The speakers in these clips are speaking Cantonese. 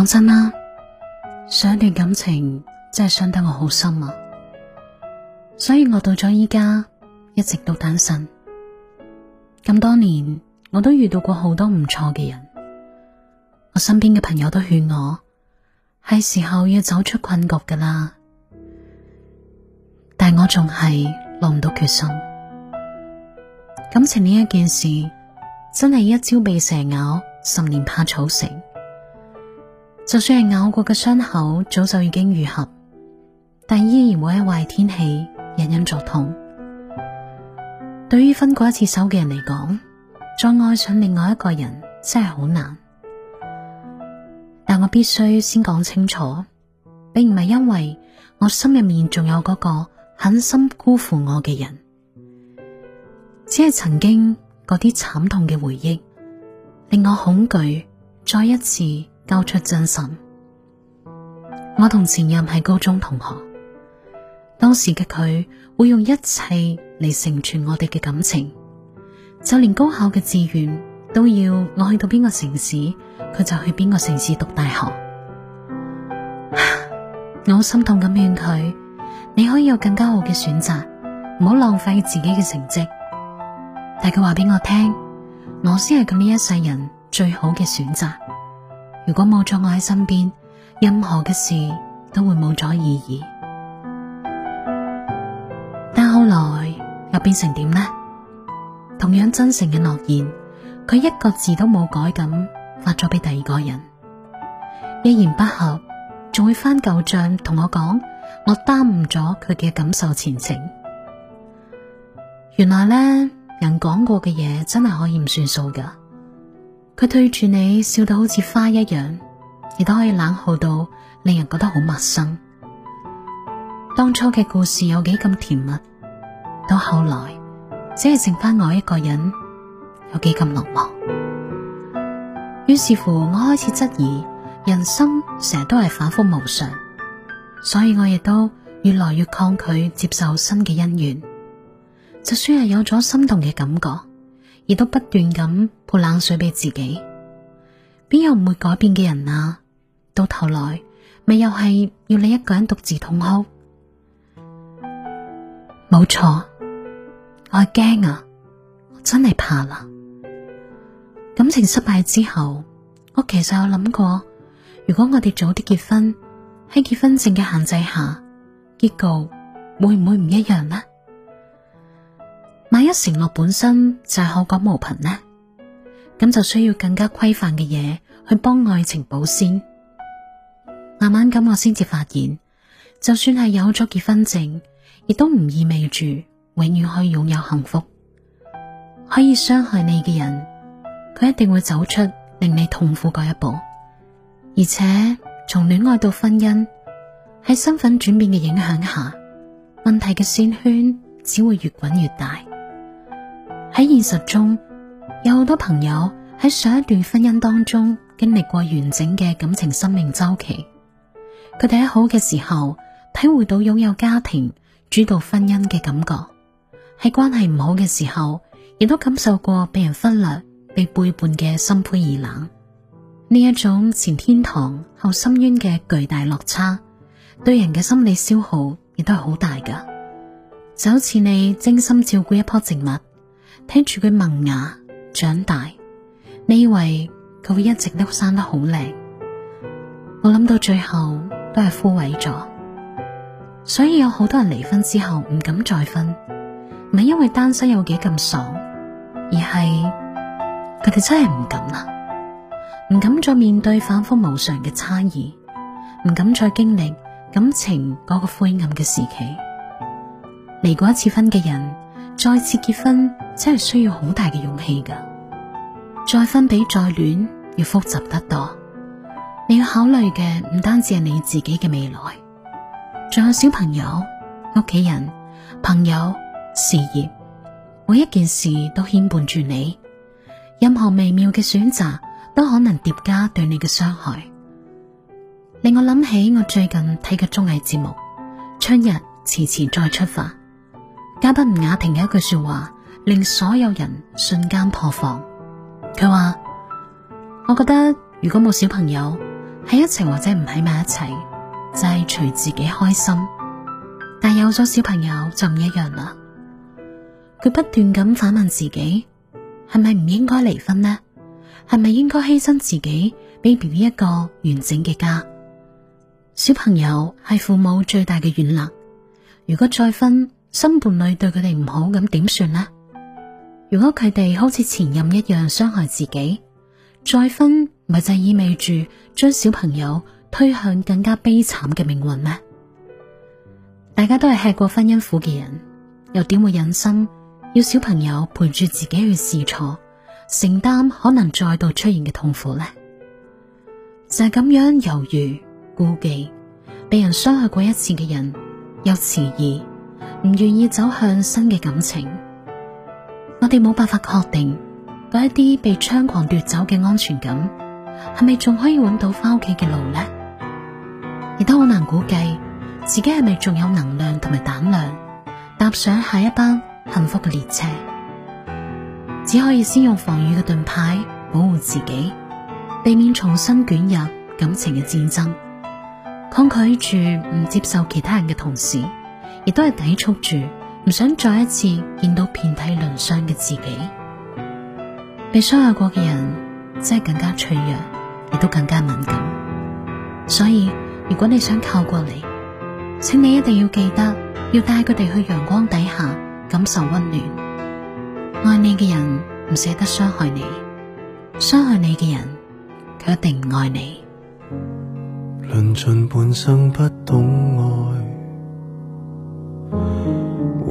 講真啦，上一段感情真係傷得我好深啊，所以我到咗依家一直都單身。咁多年我都遇到過好多唔錯嘅人，我身邊嘅朋友都勸我係時候要走出困局噶啦，但我仲係落唔到決心。感情呢一件事真係一朝被蛇咬，十年怕草繩。就算係咬過嘅傷口，早就已經愈合，但依然會喺壞天氣隱隱作痛。對於分過一次手嘅人嚟講，再愛上另外一個人真係好難。但我必須先講清楚，並唔係因為我心入面仲有嗰個狠心辜負我嘅人，只係曾經嗰啲慘痛嘅回憶令我恐懼再一次交出真心，我同前任係高中同學，當時嘅佢會用一切嚟成全我哋嘅感情，就連高考嘅志願都要我去到邊個城市，佢就去邊個城市讀大學。啊，我心痛咁勸佢，你可以有更加好嘅選擇，唔好浪費自己嘅成績。但佢話俾我聽，我先係佢呢一世人最好嘅選擇。如果冇咗我喺身邊，任何嘅事都會冇咗意義。但後來又變成點呢？同樣真誠嘅諾言，佢一個字都冇改，咁發咗俾第二個人，一言不合仲會翻舊賬，同我講我耽誤咗佢嘅感受前程。原來呢，人講過嘅嘢真係可以唔算數㗎。佢對住你笑到好似花一樣，亦都可以冷酷到令人覺得好陌生。當初嘅故事有幾咁甜蜜，到後來只係剩翻我一個人，有幾咁落寞。於是乎，我開始質疑人生，成日都係反復無常，所以我亦都越來越抗拒接受新嘅姻緣。就算係有咗心動嘅感覺。亦都不斷咁潑冷水俾自己，邊有唔會改變嘅人啊？到頭來，咪又係要你一個人獨自痛哭？冇錯，我係驚啊，我真係怕啦。感情失敗之後，我其實有諗過，如果我哋早啲結婚，喺結婚證嘅限制下，結局會唔會唔一樣呢？萬一承諾本身就係口講無憑呢？咁就需要更加規範嘅嘢去幫愛情保鮮。慢慢咁我先至發現，就算係有咗結婚證，亦都唔意味住永遠可以擁有幸福。可以傷害你嘅人，佢一定會走出令你痛苦嘅一步。而且從戀愛到婚姻，喺身份轉變嘅影響下，問題嘅線圈只會越滾越大。喺現實中，有好多朋友喺上一段婚姻當中經歷過完整嘅感情生命周期。佢哋喺好嘅時候，體會到擁有家庭主導婚姻嘅感覺；喺關係唔好嘅時候，亦都感受過被人忽略、被背叛嘅心灰意冷。呢一種前天堂後深淵嘅巨大落差，對人嘅心理消耗亦都係好大噶。就好似你精心照顧一棵植物。聽住佢萌芽長大，你以為佢會一直都生得好靚？我諗到最後都係枯萎咗。所以有好多人離婚之後唔敢再婚，唔係因為單身有幾咁爽，而係佢哋真係唔敢啦，唔敢再面對反復無常嘅差異，唔敢再經歷感情嗰個灰暗嘅時期。離過一次婚嘅人，再次結婚真係需要好大嘅勇氣㗎，再婚比再戀要複雜得多。你要考慮嘅唔單止係你自己嘅未來，仲有小朋友、屋企人、朋友、事業，每一件事都牽絆住你。任何微妙嘅選擇都可能疊加對你嘅傷害。令我諗起我最近睇嘅綜藝節目《春日遲遲再出發》。嘉賓吳雅婷嘅一句說話令所有人瞬間破防。佢話：我覺得如果冇小朋友喺一齊或者唔喺埋一齊，就係、是、隨自己開心；但有咗小朋友就唔一樣啦。佢不斷咁反問自己：係咪唔應該離婚呢？係咪應該犧牲自己俾 BB 一個完整嘅家？小朋友係父母最大嘅軟肋。如果再婚……」新伴侶對佢哋唔好，咁點算呢？如果佢哋好似前任一樣傷害自己，再婚咪就意味住將小朋友推向更加悲慘嘅命運咩？大家都係吃過婚姻苦嘅人，又點會忍心要小朋友陪住自己去試錯，承擔可能再度出現嘅痛苦呢？就係咁樣猶豫、顧忌，被人傷害過一次嘅人又遲疑。唔願意走向新嘅感情，我哋冇辦法確定嗰一啲被猖狂奪走嘅安全感係咪仲可以搵到翻屋企嘅路呢？亦都好難估計自己係咪仲有能量同埋膽量搭上下一班幸福嘅列車。只可以先用防禦嘅盾牌保護自己，避免重新捲入感情嘅戰爭，抗拒住唔接受其他人嘅同時。亦都係抵觸住，唔想再一次見到遍體鱗傷嘅自己。被傷害過嘅人，真係更加脆弱，亦都更加敏感。所以如果你想靠過嚟，請你一定要記得，要帶佢哋去陽光底下感受温暖。愛你嘅人唔捨得傷害你，傷害你嘅人，佢一定唔愛你。論盡半生不懂愛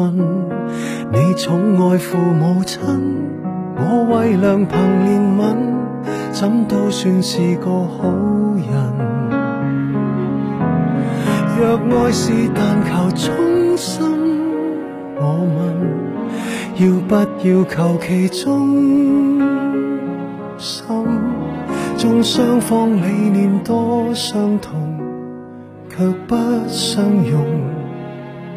你寵愛父母親，我為良朋憐憫，怎都算是個好人。若愛是但求衷心，我問要不要求其忠心？縱雙方理念多相同，卻不相容。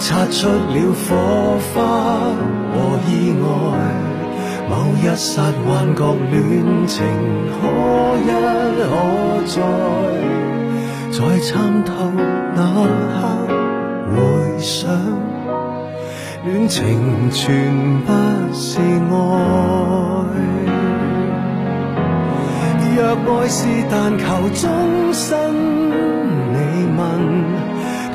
擦出了火花和意外，某一刹幻覺戀情可一可再，在參透那刻回想，戀情全不是愛。若愛是但求終身，你問？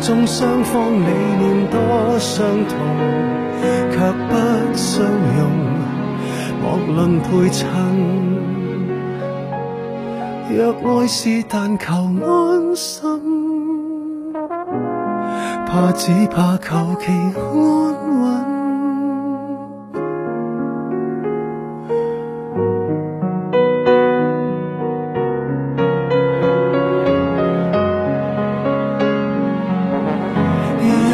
縱雙方理念多相同，卻不相容，莫論配襯。若愛是但求安心，怕只怕求其安穩。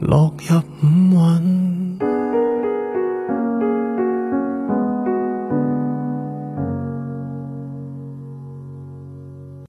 落入五蘊。